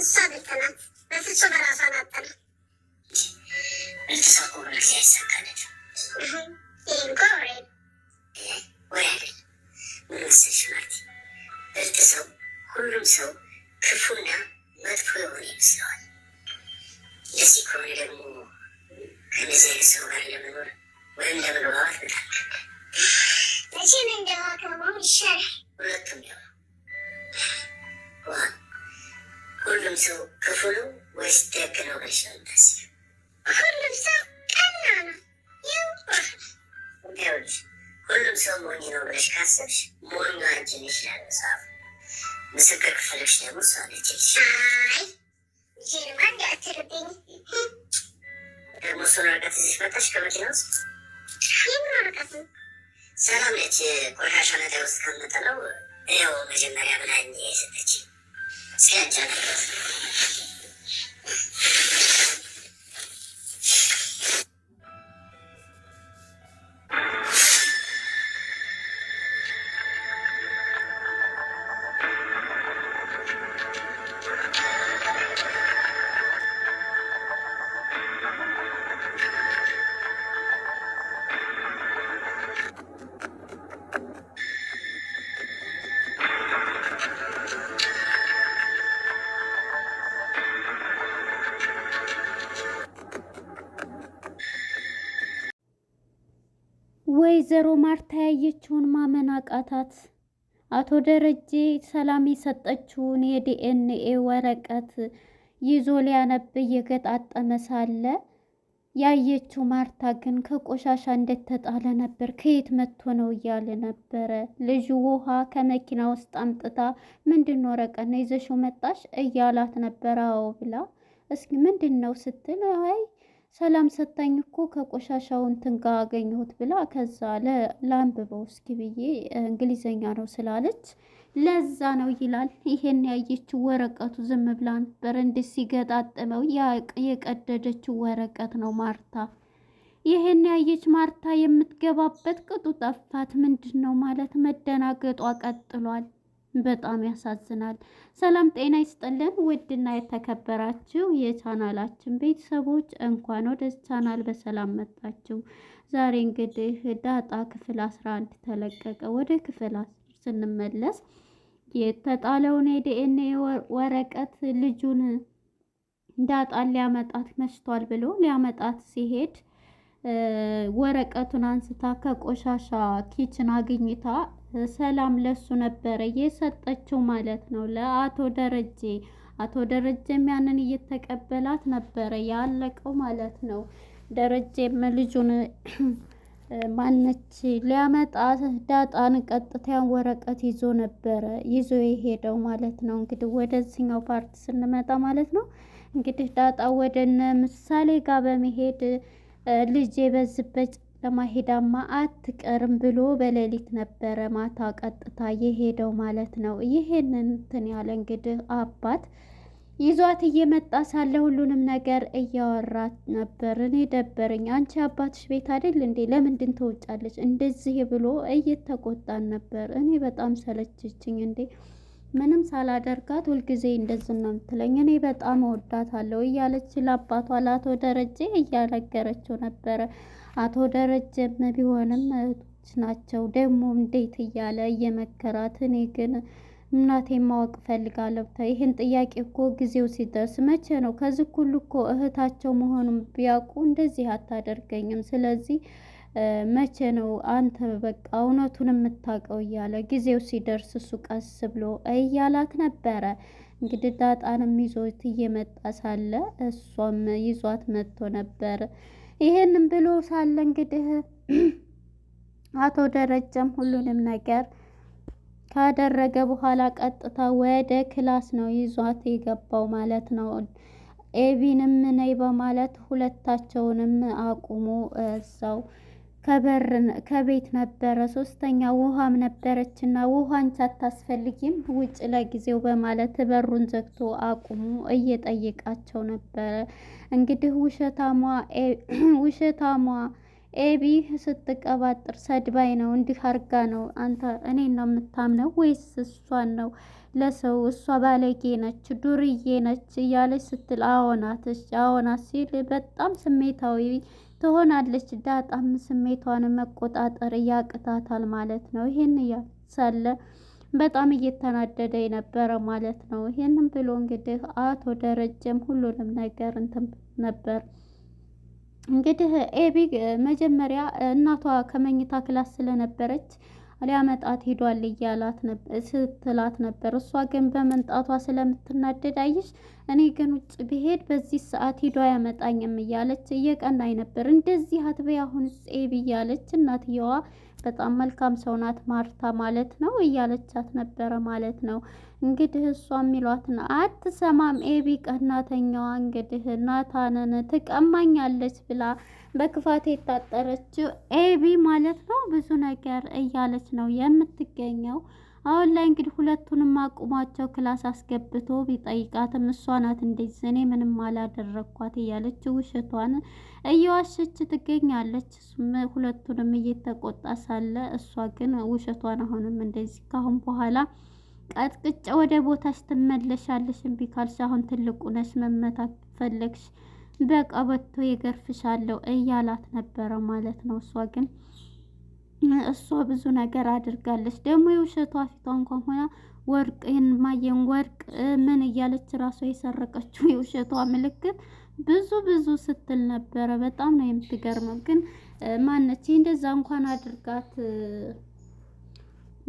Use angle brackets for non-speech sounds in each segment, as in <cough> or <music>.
እሷ ብልጥ ናት። በፍጹም ራሷን አጠና ብልጥሰው እኮ በጊዜ አይሳካለት። ይህ እንኳ ወይ አይደል? መሰልሽ ማርቲ፣ ብልጥ ሰው ሁሉም ሰው ክፉና መጥፎ የሆነ ይመስለዋል። ለዚህ ከሆነ ደግሞ ከነዚህ አይነት ሰው ጋር ለመኖር ወይም ለመግባባት በጣም መቼም እንደዋከመው ይሻላል። ሁለቱም ደግሞ ሁሉም ሰው ክፉሉ ወይስ ደግ ነው ብለሽ ነው ሁሉም ሰው ቀና ነው። ይኸውልሽ ሁሉም ሰው ሞኝ ነው ብለሽ ካሰብሽ ሞኝ አንቺ ነሽ ይላል ምስክር ክፍልሽ ደግሞ እሷ ነች። ይሄንማ እንዳትርብኝ። ደግሞ እሱን ርቀት እዚህ መጣሽ ከመኪና ውስጥ የምን ርቀት ነው? ሰላም ነች ቆሻሻ ነገር ውስጥ ከምጥለው ያው መጀመሪያ ብላኝ የሰጠችኝ スキャンしてくだ ወይዘሮ ማርታ ያየችውን ማመን አቃታት። አቶ ደረጀ ሰላም የሰጠችውን የዲኤንኤ ወረቀት ይዞ ሊያነብ እየገጣጠመ ሳለ ያየችው ማርታ ግን ከቆሻሻ እንደተጣለ ነበር። ከየት መጥቶ ነው እያለ ነበረ። ልጁ ውሃ ከመኪና ውስጥ አምጥታ ምንድን ነው ወረቀት ነው ይዘሽው መጣሽ እያላት ነበረ። አዎ ብላ እስኪ ምንድን ነው ስትል አይ ሰላም ሰጣኝ እኮ ከቆሻሻው እንትን አገኘሁት ብላ ከዛ ለአንብበው እስኪ ብዬ እንግሊዘኛ ነው ስላለች ለዛ ነው ይላል። ይሄን ያየችው ወረቀቱ ዝም ብላ ነበር እንዲ ሲገጣጥመው የቀደደችው ወረቀት ነው ማርታ። ይሄን ያየች ማርታ የምትገባበት ቅጡ ጠፋት። ምንድን ነው ማለት መደናገጧ ቀጥሏል። በጣም ያሳዝናል። ሰላም ጤና ይስጥልን። ውድና የተከበራችሁ የቻናላችን ቤተሰቦች እንኳን ወደ ቻናል በሰላም መጣችሁ። ዛሬ እንግዲህ ዳጣ ክፍል አስራ አንድ ተለቀቀ። ወደ ክፍል ስንመለስ የተጣለውን የዲኤንኤ ወረቀት ልጁን ዳጣን ሊያመጣት መሽቷል ብሎ ሊያመጣት ሲሄድ ወረቀቱን አንስታ ከቆሻሻ ኪችን አግኝታ ሰላም ለሱ ነበረ የሰጠችው ማለት ነው ለአቶ ደረጀ። አቶ ደረጀም ያንን እየተቀበላት ነበረ ያለቀው ማለት ነው። ደረጀም ልጁን <clears throat> ማነች ሊያመጣ ዳጣን ቀጥታያን ወረቀት ይዞ ነበረ ይዞ የሄደው ማለት ነው። እንግዲህ ወደዚህኛው ፓርት ስንመጣ ማለት ነው እንግዲህ ዳጣ ወደነ ምሳሌ ጋር በመሄድ ልጅ የበዝበት ለማሄዳማ አትቀርም ብሎ በሌሊት ነበረ ማታ ቀጥታ የሄደው ማለት ነው። ይህንን እንትን ያለ እንግዲህ አባት ይዟት እየመጣ ሳለ ሁሉንም ነገር እያወራት ነበር። እኔ ደበረኝ። አንቺ አባትሽ ቤት አይደል እንዴ? ለምንድን ትወጫለች? እንደዚህ ብሎ እየተቆጣን ነበር። እኔ በጣም ሰለችችኝ። እንዴ ምንም ሳላደርጋት ሁልጊዜ እንደዚህ ነው የምትለኝ። እኔ በጣም እወዳታለሁ እያለች ለአባቷ ለአቶ ደረጀ እያነገረችው ነበረ። አቶ ደረጀም ቢሆንም እህቶች ናቸው ደግሞ እንዴት እያለ እየመከራት እኔ ግን እናቴን ማወቅ ፈልጋለሁ። ይህን ጥያቄ እኮ ጊዜው ሲደርስ መቼ ነው? ከዚህ ሁሉ እኮ እህታቸው መሆኑን ቢያውቁ እንደዚህ አታደርገኝም። ስለዚህ መቼ ነው አንተ በቃ እውነቱን የምታውቀው? እያለ ጊዜው ሲደርስ እሱ ቀስ ብሎ እያላት ነበረ። እንግዲህ ዳጣንም ይዞት እየመጣ ሳለ እሷም ይዟት መጥቶ ነበር። ይህንም ብሎ ሳለ እንግዲህ <clears throat> አቶ ደረጀም ሁሉንም ነገር ካደረገ በኋላ ቀጥታ ወደ ክላስ ነው ይዟት የገባው ማለት ነው። ኤቢንም ነይ በማለት ሁለታቸውንም አቁሞ እዛው ከቤት ነበረ። ሶስተኛ ውሃም ነበረች ነበረችና ውሃን ሳታስፈልጊም ውጭ ለጊዜው በማለት በሩን ዘግቶ አቁሙ እየጠየቃቸው ነበረ። እንግዲህ ውሸታሟ <clears throat> ውሸታሟ ኤቢ ስትቀባጥር ሰድባይ ነው እንዲህ አርጋ ነው። አንተ እኔ ነው የምታምነው ወይስ እሷን ነው? ለሰው እሷ ባለጌ ነች፣ ዱርዬ ነች እያለች ስትል አዎናት አዎናት ሲል በጣም ስሜታዊ ትሆናለች። ዳጣም ስሜቷን መቆጣጠር ያቅታታል ማለት ነው። ይህን እያሳለ በጣም እየተናደደ የነበረ ማለት ነው። ይህንም ብሎ እንግዲህ አቶ ደረጀም ሁሉንም ነገር እንትን ነበር እንግዲህ ኤቢ መጀመሪያ እናቷ ከመኝታ ክላስ ስለነበረች ሊያመጣት ሄዷል እያላት ስትላት ነበር። እሷ ግን በመምጣቷ ስለምትናደድ አይሽ እኔ ግን ውጭ ብሄድ በዚህ ሰዓት ሂዷ አያመጣኝም እያለች እየቀናኝ ነበር። እንደዚህ አትበይ አሁን ኤቢ እያለች እናትየዋ በጣም መልካም ሰው ናት ማርታ ማለት ነው እያለቻት ነበረ ማለት ነው። እንግዲህ እሷ የሚሏትን አትሰማም። ኤቢ ቀናተኛዋ እንግዲህ ናታንን ትቀማኛለች ብላ በክፋት የታጠረችው ኤቢ ማለት ነው ብዙ ነገር እያለች ነው የምትገኘው። አሁን ላይ እንግዲህ ሁለቱንም አቁሟቸው ክላስ አስገብቶ ቢጠይቃትም እሷ ናት እንደዚህ እኔ ምንም አላደረግኳት እያለች ውሸቷን እየዋሸች ትገኛለች። ሁለቱንም እየተቆጣ ሳለ እሷ ግን ውሸቷን አሁንም እንደዚህ ካሁን በኋላ ቀጥቅጫ ወደ ቦታሽ ትመለሻለሽ፣ እምቢ ካልሽ አሁን ትልቁ ነሽ፣ መመታት ፈለግሽ በቀበቶ የገርፍሻለሁ እያላት ነበረ ማለት ነው እሷ ግን እሷ ብዙ ነገር አድርጋለች። ደግሞ የውሸቷ ፊቷ እንኳን ሆና ወርቅን ማየን ወርቅ ምን እያለች ራሷ የሰረቀችው የውሸቷ ምልክት ብዙ ብዙ ስትል ነበረ። በጣም ነው የምትገርመው። ግን ማነች እንደዛ እንኳን አድርጋት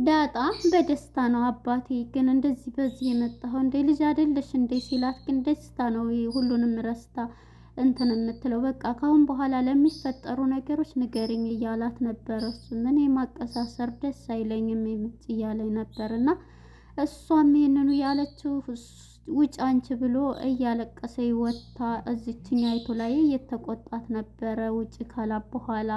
ዳጣ በደስታ ነው አባቴ ግን እንደዚህ በዚህ የመጣኸው እንደ ልጅ አይደለሽ እንዴ ሲላት ግን ደስታ ነው ሁሉንም ረስታ እንትን የምትለው በቃ ካሁን በኋላ ለሚፈጠሩ ነገሮች ንገሪኝ እያላት ነበረ። እሱ ምን የማቀሳሰር ደስ አይለኝም የምት እያለኝ ነበር እና እሷም ይህንኑ ያለችው ውጭ አንቺ ብሎ እያለቀሰ ወታ እዚችኛይቱ ላይ እየተቆጣት ነበረ። ውጭ ካላ በኋላ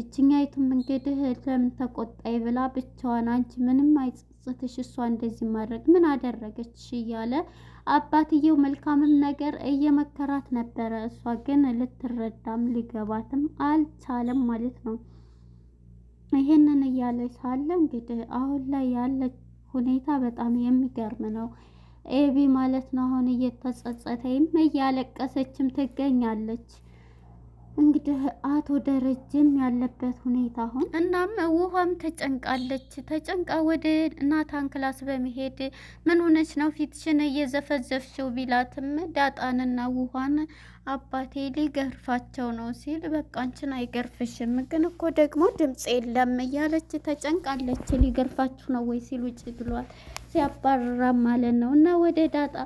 ይችኛይቱም እንግዲህ ለምን ተቆጣይ ብላ ብቻዋን አንቺ ምንም አይጸጽትሽ እሷ እንደዚህ ማድረግ ምን አደረገች እያለ አባትየው መልካምም ነገር እየመከራት ነበረ። እሷ ግን ልትረዳም ሊገባትም አልቻለም ማለት ነው። ይህንን እያለ ሳለ እንግዲህ አሁን ላይ ያለ ሁኔታ በጣም የሚገርም ነው። ኤቢ ማለት ነው አሁን እየተጸጸተይም እያለቀሰችም ትገኛለች። እንግዲህ አቶ ደረጀም ያለበት ሁኔታ አሁን እናም ውሃም ተጨንቃለች። ተጨንቃ ወደ ናታን ክላስ በመሄድ ምን ሆነች ነው ፊትሽን እየዘፈዘፍሽው ቢላትም ዳጣንና ውሃን አባቴ ሊገርፋቸው ነው ሲል በቃ አንቺን አይገርፍሽም፣ ግን እኮ ደግሞ ድምፅ የለም እያለች ተጨንቃለች። ሊገርፋችሁ ነው ወይ ሲል ውጭ ብሏል። ሲያባረራ ማለት ነው እና ወደ ዳጣ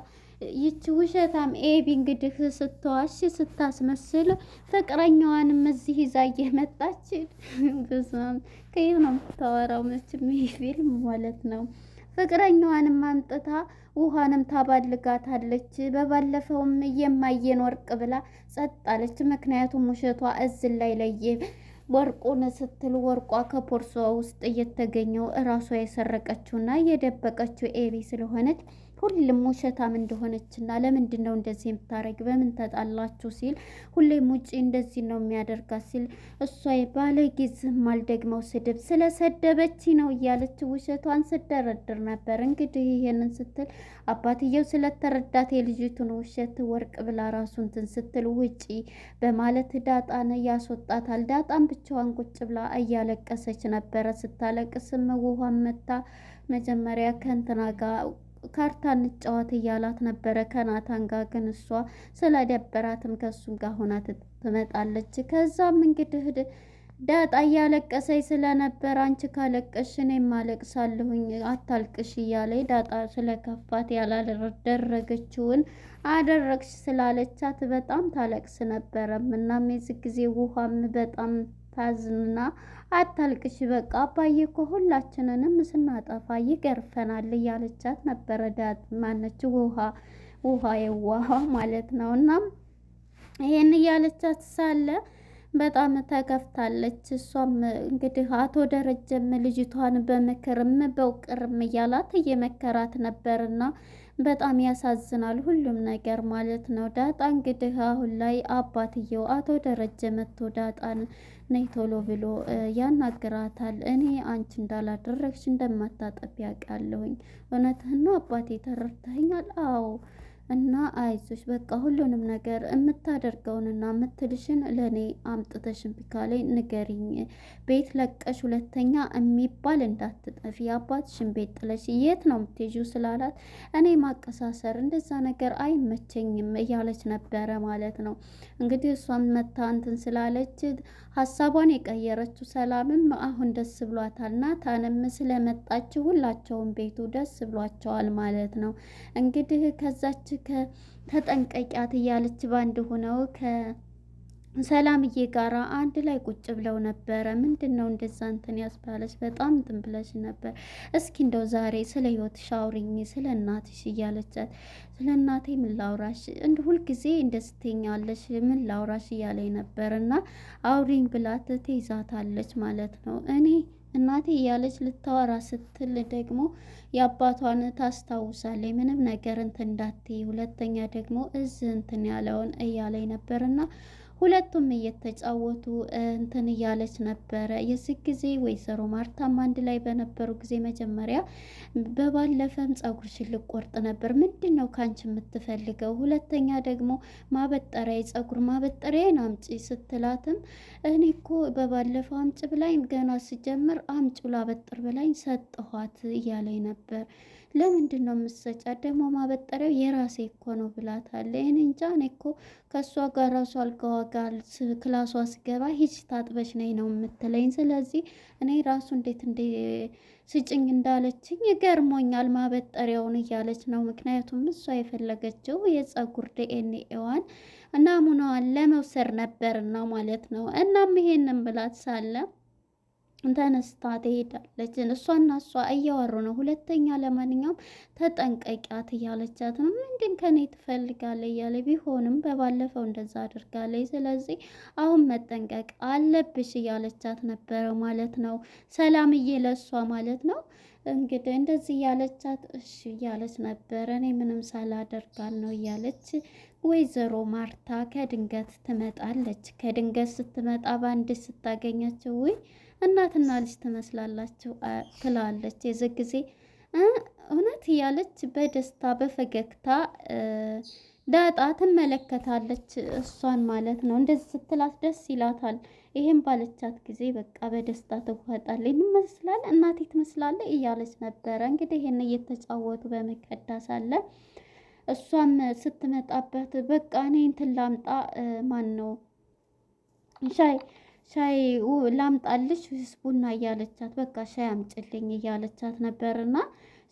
ይቺ ውሸታም ኤቢ እንግዲህ ስትዋሽ ስታስመስል ፍቅረኛዋንም እዚህ ይዛ እየመጣች ብዙም ከየት ነው የምታወራው? መችም ይህ ፊልም ማለት ነው። ፍቅረኛዋንም አምጥታ ውሃንም ታባልጋታለች። በባለፈውም የማየን ወርቅ ብላ ጸጥ አለች። ምክንያቱም ውሸቷ እዝን ላይ ለየ ወርቁን ስትል ወርቋ ከፖርሶ ውስጥ እየተገኘው እራሷ የሰረቀችውና የደበቀችው ኤቢ ስለሆነች ሁሌም ውሸታም እንደሆነችና ለምንድን ነው እንደዚህ የምታረግ በምን ተጣላችሁ ሲል ሁሌም ውጪ እንደዚህ ነው የሚያደርጋት ሲል እሷ ባለጌ ዝም አልደግመው ስድብ ስለሰደበች ነው እያለች ውሸቷን ስደረድር ነበር። እንግዲህ ይሄንን ስትል አባትየው ስለተረዳት የልጅቱን ውሸት ወርቅ ብላ ራሱንትን ስትል ውጪ በማለት ዳጣን ያስወጣታል። ዳጣን ብቻዋን ቁጭ ብላ እያለቀሰች ነበረ። ስታለቅስም ውሃ መታ መጀመሪያ ከእንትና ጋር ካርታ እንጫወት እያላት ነበረ ከናታን ጋር ግን እሷ ስለደበራትም ከሱ ጋር ሆና ትመጣለች። ከዛም እንግዲህ ዳጣ እያለቀሰኝ ስለነበር አንቺ ካለቀሽ እኔም አለቅሳለሁኝ አታልቅሽ እያለ ዳጣ ስለከፋት ያላደረገችውን አደረግሽ ስላለቻት በጣም ታለቅስ ነበረም። እናም የዚህ ጊዜ ውሃም በጣም ታዝንና አታልቅሽ፣ በቃ አባዬ እኮ ሁላችንንም ስናጠፋ ይገርፈናል እያለቻት ነበረ። ዳት ማነች ውሃ ውሃ የዋሃ ማለት ነው። እናም ይህን እያለቻት ሳለ በጣም ተከፍታለች። እሷም እንግዲህ አቶ ደረጀም ልጅቷን በምክርም በውቅርም እያላት እየመከራት ነበርና በጣም ያሳዝናል ሁሉም ነገር ማለት ነው። ዳጣ እንግዲህ አሁን ላይ አባትየው አቶ ደረጀ መጥቶ ዳጣን ነይ ቶሎ ብሎ ያናግራታል። እኔ አንቺ እንዳላደረግሽ እንደማታጠፊ ያውቃለሁኝ። እውነትህን ነው አባቴ ተረድተኸኛል? አዎ እና አይዞሽ በቃ ሁሉንም ነገር የምታደርገውንና የምትልሽን ለእኔ አምጥተሽን ብካሌ ንገሪኝ። ቤት ለቀሽ ሁለተኛ የሚባል እንዳትጠፊ፣ አባትሽን ቤት ጥለሽ የት ነው የምትሄጂው ስላላት እኔ ማቀሳሰር እንደዛ ነገር አይመቸኝም እያለች ነበረ ማለት ነው። እንግዲህ እሷም መታ እንትን ስላለች ሀሳቧን የቀየረችው ሰላምም አሁን ደስ ብሏታል። ናታንም ስለመጣች ሁላቸውም ቤቱ ደስ ብሏቸዋል ማለት ነው። እንግዲህ ከዛች ተጠንቀቂያት እያለች ባንድ ሆነው ከሰላምዬ ጋራ አንድ ላይ ቁጭ ብለው ነበረ። ምንድን ነው እንደዛ እንትን ያስባለች በጣም እንትን ብለሽ ነበር። እስኪ እንደው ዛሬ ስለ ህይወትሽ አውሪኝ፣ ስለ እናትሽ እያለቻት ስለ እናቴ ምን ላውራሽ፣ እንደ ሁልጊዜ እንደ ምን ላውራሽ እያለኝ ነበር እና አውሪኝ ብላት ትይዛታለች ማለት ነው እኔ እናቴ እያለች ልታወራ ስትል ደግሞ የአባቷን ታስታውሳለች። ምንም ነገር እንትን እንዳትዪ፣ ሁለተኛ ደግሞ እዝ እንትን ያለውን እያለኝ ነበርና ሁለቱም እየተጫወቱ እንትን እያለች ነበረ። የዚህ ጊዜ ወይዘሮ ማርታም አንድ ላይ በነበሩ ጊዜ መጀመሪያ በባለፈም ጸጉርሽን ልቆርጥ ነበር፣ ምንድን ነው ከአንቺ የምትፈልገው? ሁለተኛ ደግሞ ማበጠሪያ ጸጉር ማበጠሪያን አምጪ ስትላትም እኔ እኮ በባለፈው አምጭ ብላኝ ገና ስጀምር አምጩ ላበጥር ብላኝ ሰጠኋት እያለኝ ነበር ለምንድን ነው የምትሰጫት? ደግሞ ማበጠሪያው የራሴ እኮ ነው ብላታለ። ይህን እንጃ እኔ እኮ ከእሷ ጋር ራሱ አልጋዋ ጋር ክላሷ ስገባ ሂጅ ታጥበሽ ነኝ ነው የምትለኝ። ስለዚህ እኔ ራሱ እንዴት እንደ ስጭኝ እንዳለችኝ ይገርሞኛል። ማበጠሪያውን እያለች ነው። ምክንያቱም እሷ የፈለገችው የጸጉር ዲኤንኤዋን እና ሙናዋን ለመውሰድ ነበርና ማለት ነው። እናም ይሄንን ብላት ሳለ ተነስታ ትሄዳለች። እሷና እሷ እያወሩ ነው። ሁለተኛ ለማንኛውም ተጠንቀቂያት እያለቻት ነው። ምንድን ከኔ ትፈልጋለ እያለ ቢሆንም በባለፈው እንደዛ አድርጋለች። ስለዚህ አሁን መጠንቀቅ አለብሽ እያለቻት ነበረ ማለት ነው። ሰላምዬ ለእሷ ማለት ነው። እንግዲህ እንደዚህ እያለቻት እሺ እያለች ነበረ። እኔ ምንም ሳላደርጋል ነው እያለች ወይዘሮ ማርታ ከድንገት ትመጣለች። ከድንገት ስትመጣ በአንድ ስታገኛቸው ወይ እናትና ልጅ ትመስላላችሁ ትላለች። የዚ ጊዜ እውነት እያለች በደስታ በፈገግታ ዳጣ ትመለከታለች፣ እሷን ማለት ነው። እንደዚህ ስትላት ደስ ይላታል። ይሄን ባለቻት ጊዜ በቃ በደስታ ትዋጣለች። ይመስላል እናቴ ትመስላለች እያለች ነበረ። እንግዲህ ይህን እየተጫወቱ በመቀዳ ሳለ እሷም ስትመጣበት በቃ እኔ እንትን ላምጣ ማን ነው ሻይ ሻይ ላምጣልሽ ቡና እያለቻት በቃ ሻይ አምጭልኝ እያለቻት ነበርና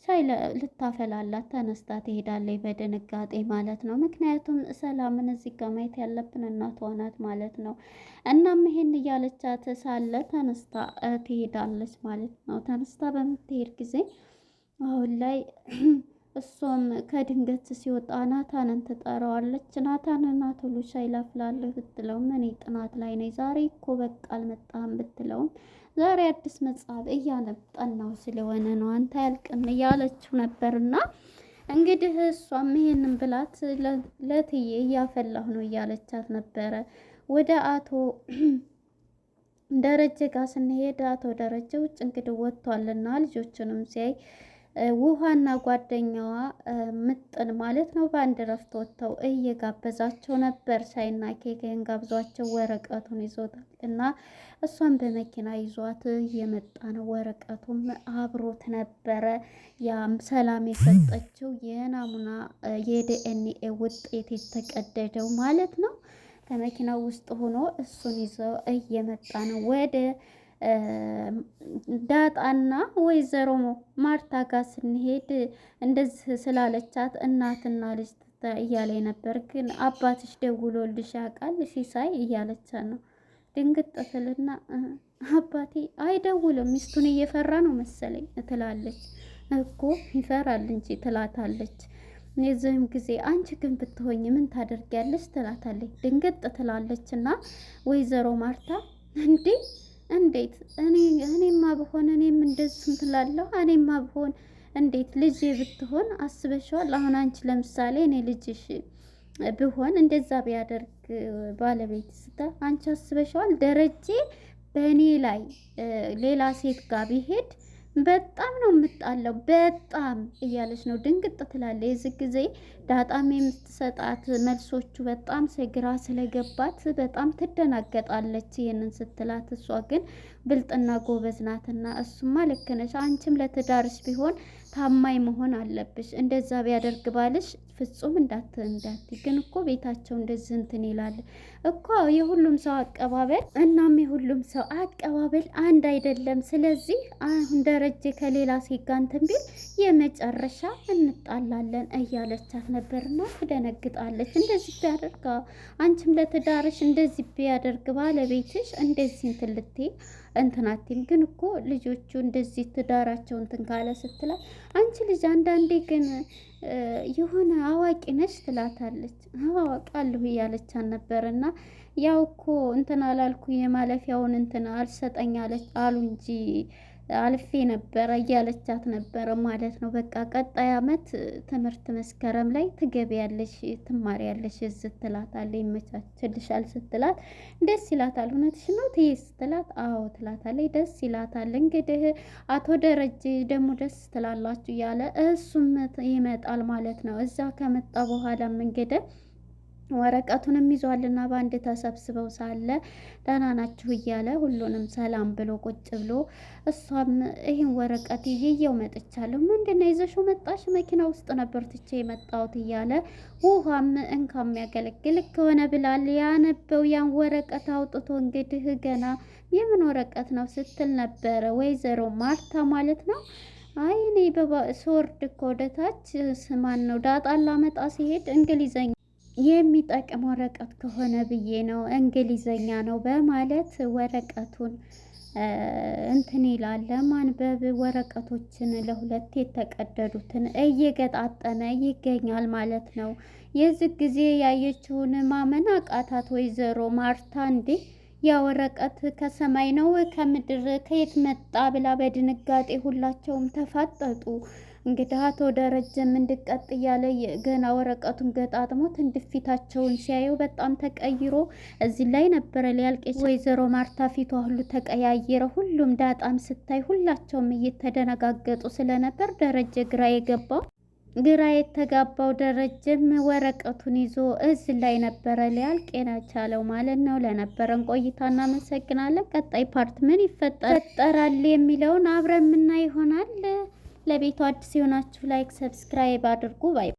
ሻይ ልታፈላላት ተነስታ ትሄዳለች፣ በድንጋጤ ማለት ነው። ምክንያቱም ሰላምን እዚህ ጋ ማየት ያለብን እናቷ ናት ማለት ነው። እናም ይሄን እያለቻት ሳለ ተነስታ ትሄዳለች ማለት ነው። ተነስታ በምትሄድ ጊዜ አሁን ላይ <clears throat> እሷም ከድንገት ሲወጣ ናታንን ትጠራዋለች። ናታንን አቶ ሉሻይ ላፍላለህ ብትለውም እኔ ጥናት ላይ ነኝ ዛሬ እኮ በቃ አልመጣህም ብትለውም ዛሬ አዲስ መጽሐፍ እያነበጠናው ስለሆነ ነው አንተ ያልቅም እያለችው ነበርና እንግዲህ እሷም ይሄንን ብላት ለትዬ እያፈላሁ ነው እያለቻት ነበረ። ወደ አቶ ደረጀ ጋር ስንሄድ አቶ ደረጀ ውጭ እንግዲህ ወጥቷልና ልጆቹንም ሲያይ ውሃና ጓደኛዋ ምጥን ማለት ነው በአንድ ረፍት ወጥተው እየጋበዛቸው ነበር። ሻይና ኬክን ጋብዟቸው ወረቀቱን ይዞታል እና እሷን በመኪና ይዟት እየመጣ ነው። ወረቀቱም አብሮት ነበረ። ያም ሰላም የሰጠችው የናሙና የዲኤንኤ ውጤት የተቀደደው ማለት ነው። ከመኪናው ውስጥ ሆኖ እሱን ይዘው እየመጣ ነው ወደ ዳጣና ወይዘሮ ማርታ ጋር ስንሄድ እንደዚህ ስላለቻት እናትና ልጅ እያለ ነበር። ግን አባትሽ ደውሎልሽ ያውቃል ሲሳይ እያለቻ ነው። ድንግጥ ትልና አባቴ አይደውልም ሚስቱን እየፈራ ነው መሰለኝ ትላለች። እኮ ይፈራል እንጂ ትላታለች። የዚህም ጊዜ አንቺ ግን ብትሆኝ ምን ታደርጊያለሽ? ትላታለች። ድንግጥ ትላለች እና ወይዘሮ ማርታ እንዴ እንዴት እኔ እኔማ ብሆን እኔም እንደዚህ እንትን እኔማ ብሆን እንዴት ልጄ ብትሆን አስበሽዋል? አሁን አንቺ ለምሳሌ እኔ ልጅሽ ብሆን እንደዛ ቢያደርግ ባለቤት ስታ አንቺ አስበሽዋል? ደረጀ በእኔ ላይ ሌላ ሴት ጋር ቢሄድ በጣም ነው የምጣለው በጣም እያለች ነው። ድንግጥ ትላለ። የዚህ ጊዜ ዳጣም የምትሰጣት መልሶቹ በጣም ግራ ስለገባት በጣም ትደናገጣለች። ይህንን ስትላት እሷ ግን ብልጥና ጎበዝ ናትና እሱማ ልክ ነሽ፣ አንቺም ለትዳርሽ ቢሆን ታማኝ መሆን አለብሽ። እንደዛ ቢያደርግ ባልሽ ፍጹም እንዳት እንዳት ግን እኮ ቤታቸው እንደዚህ እንትን ይላል እኮ የሁሉም ሰው አቀባበል እናም የሁሉም ሰው አቀባበል አንድ አይደለም። ስለዚህ አሁን ደረጀ ከሌላ ሲጋንትን ቢል የመጨረሻ እንጣላለን እያለቻት ነበርና ትደነግጣለች። እንደዚህ ቢያደርግ አንቺም ለትዳርሽ እንደዚህ ቢያደርግ ባለቤትሽ እንደዚህ እንትን ልትይ እንትናቲም ግን እኮ ልጆቹ እንደዚህ ትዳራቸው እንትን ካለ ስትላት፣ አንቺ ልጅ አንዳንዴ ግን የሆነ አዋቂ ነች ትላታለች። አዋቃለሁ እያለች ነበር እና ያው እኮ እንትን አላልኩ የማለፊያውን እንትን አልሰጠኝ አለች አሉ እንጂ አልፌ ነበረ እያለቻት ነበረ ማለት ነው። በቃ ቀጣይ አመት ትምህርት መስከረም ላይ ትገቢያለሽ፣ ትማሪያለሽ ስትላታለች። ይመቻችልሻል ስትላት ደስ ይላታል። እውነትሽ ነው ትይ ስትላት አዎ ትላታለች። ደስ ይላታል። እንግዲህ አቶ ደረጀ ደግሞ ደስ ትላላችሁ እያለ እሱም ይመጣል ማለት ነው። እዛ ከመጣ በኋላም እንግዲህ ወረቀቱንም ይዟልና በአንድ ተሰብስበው ሳለ ደህና ናችሁ እያለ ሁሉንም ሰላም ብሎ ቁጭ ብሎ እሷም ይህን ወረቀት ይዤው መጥቻለሁ። ምንድነው ይዘሽው መጣሽ? መኪና ውስጥ ነበር ትቼ የመጣሁት እያለ ውሃም እንካ የሚያገለግል ከሆነ ብላል ያነበው ያን ወረቀት አውጥቶ እንግዲህ ገና የምን ወረቀት ነው ስትል ነበረ ወይዘሮ ማርታ ማለት ነው። አይ እኔ በሶርድ እኮ ወደታች ስማን ነው ዳጣ ላመጣ ሲሄድ እንግሊዘኛ የሚጠቅም ወረቀት ከሆነ ብዬ ነው እንግሊዘኛ ነው በማለት ወረቀቱን እንትን ይላል ለማንበብ ወረቀቶችን ለሁለት የተቀደዱትን እየገጣጠመ ይገኛል ማለት ነው። የዚህ ጊዜ ያየችውን ማመን አቃታት ወይዘሮ ማርታ እንዴ ያ ወረቀት ከሰማይ ነው ከምድር ከየት መጣ ብላ በድንጋጤ ሁላቸውም ተፋጠጡ። እንግዲህ አቶ ደረጀም እንድቀጥ እያለ ገና ወረቀቱን ገጣጥሞት እንድፊታቸውን ሲያየው በጣም ተቀይሮ እዚህ ላይ ነበረ ሊያልቅ። ወይዘሮ ማርታ ፊቷ ሁሉ ተቀያየረ። ሁሉም ዳጣም ስታይ ሁላቸውም እየተደነጋገጡ ስለነበር ደረጀ ግራ የገባው ግራ የተጋባው ደረጀም ወረቀቱን ይዞ እዝ ላይ ነበረ ሊያልቅ የቻለው ማለት ነው። ለነበረን ቆይታ እናመሰግናለን። ቀጣይ ፓርት ምን ይፈጠራል የሚለውን አብረን ምና ይሆናል ለቤቱ አዲስ የሆናችሁ ላይክ፣ ሰብስክራይብ አድርጉ ባይ